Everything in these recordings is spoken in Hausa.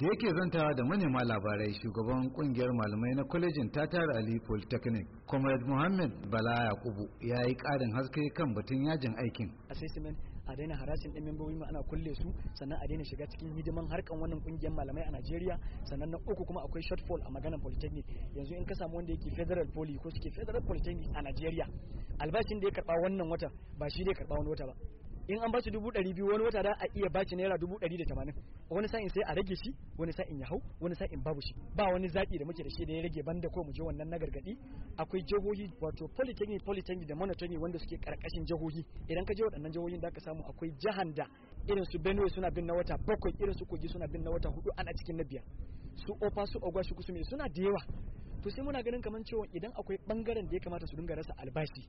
da yake zantawa da manema labarai shugaban kungiyar malamai na kwalejin tara ali polytechnic comrade mohammed bala yakubu ya yi karin haske kan batun yajin aikin assessment a daina harashin ɗin membobi ana kulle su sannan a daina shiga cikin hidiman harkan wannan kungiyar malamai a Najeriya sannan na uku kuma akwai shortfall a maganar polytechnic yanzu in ka samu wanda yake federal poly ko suke federal polytechnic a Najeriya albashin da ya karba wannan wata ba shi da karba wani wata ba in an bashi dubu ɗari biyu wani wata da a iya bashi naira dubu ɗari da tamanin wani sa'in sai a rage shi wani sa'in ya hau wani sa'in babu shi ba wani zaɓi da muke da shi da ya rage banda ko mu je wannan na gargaɗi akwai jihohi wato polytechnic polytechnic da monotony wanda suke karkashin jihohi idan ka je waɗannan jihohin da ka samu akwai jahan da irin su benue suna bin na wata bakwai irin su kogi suna bin na wata hudu ana cikin na biyar su ofa su ogwa su kusume suna da yawa to sai muna ganin kamar cewa idan akwai bangaren da ya kamata su dinga rasa albashi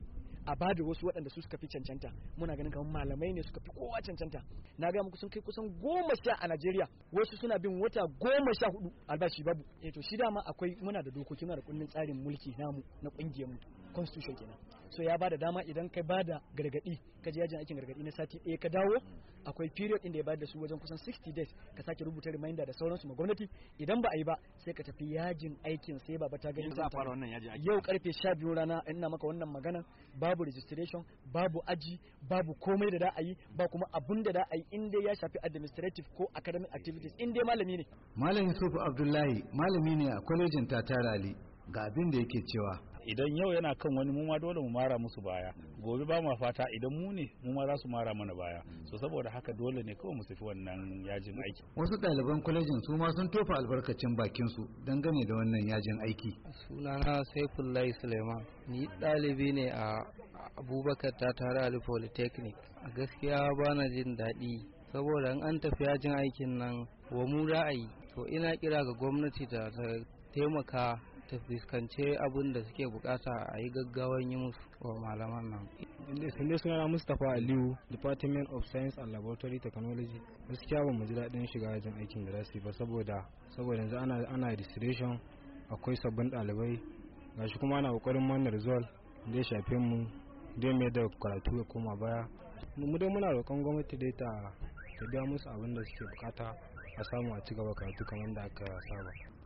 a ba da wasu waɗanda su suka fi cancanta muna ganin kamar malamai ne suka fi kowa cancanta na ga kusan kai kusan goma sha a Najeriya wasu suna bin wata goma sha hudu albashi babu eh to shi dama akwai muna da dokoki muna da kundin tsarin mulki namu na kungiyar mu constitution kenan so ya bada dama idan kai bada gargadi ka je yajin aikin gargadi na sati ɗaya ka dawo akwai period inda ya bada da su wajen kusan 60 days ka sake rubuta reminder da sauransu ma gwamnati idan ba a yi ba sai ka tafi yajin aikin sai ba ta gani za fara wannan yajin aikin yau karfe 12 rana ina maka wannan magana babu registration babu aji babu komai da da a yi ba kuma abun da da a yi in dai ya shafi administrative ko academic activities in dai malami ne malam Yusuf Abdullahi malami ne a kwalejin Tatarali ga abin da yake cewa idan yau yana kan wani mu ma dole mu mara musu baya mm. gobe ba ma fata idan mu ne mu ma za su mara mana baya mm. so saboda haka dole ne kawai mu tafi wannan yajin aiki wasu ɗaliban kwalejin su ma sun tofa albarkacin bakin su dangane da wannan yajin aiki sunana saifullahi suleiman ni ɗalibi ne a abubakar ta tare ali polytechnic a gaskiya na jin daɗi saboda an tafi yajin aikin nan wa mu ra'ayi to ina kira ga gwamnati da ta taimaka ta fuskanci abin da suke bukata a yi gaggawan yi musu wa malaman nan. Sinde suna na Mustapha Aliyu, Department of Science and Laboratory Technology. Gaskiya ba mu ji daɗin shiga ajin aikin da za ba saboda saboda yanzu ana ana akwai sabbin ɗalibai gashi kuma ana kokarin manar result da ya shafe mu da mai da karatu ya koma baya. Mu dai muna roƙon gwamnati dai ta biya musu abin da suke bukata a samu a ci gaba karatu kamar da aka saba.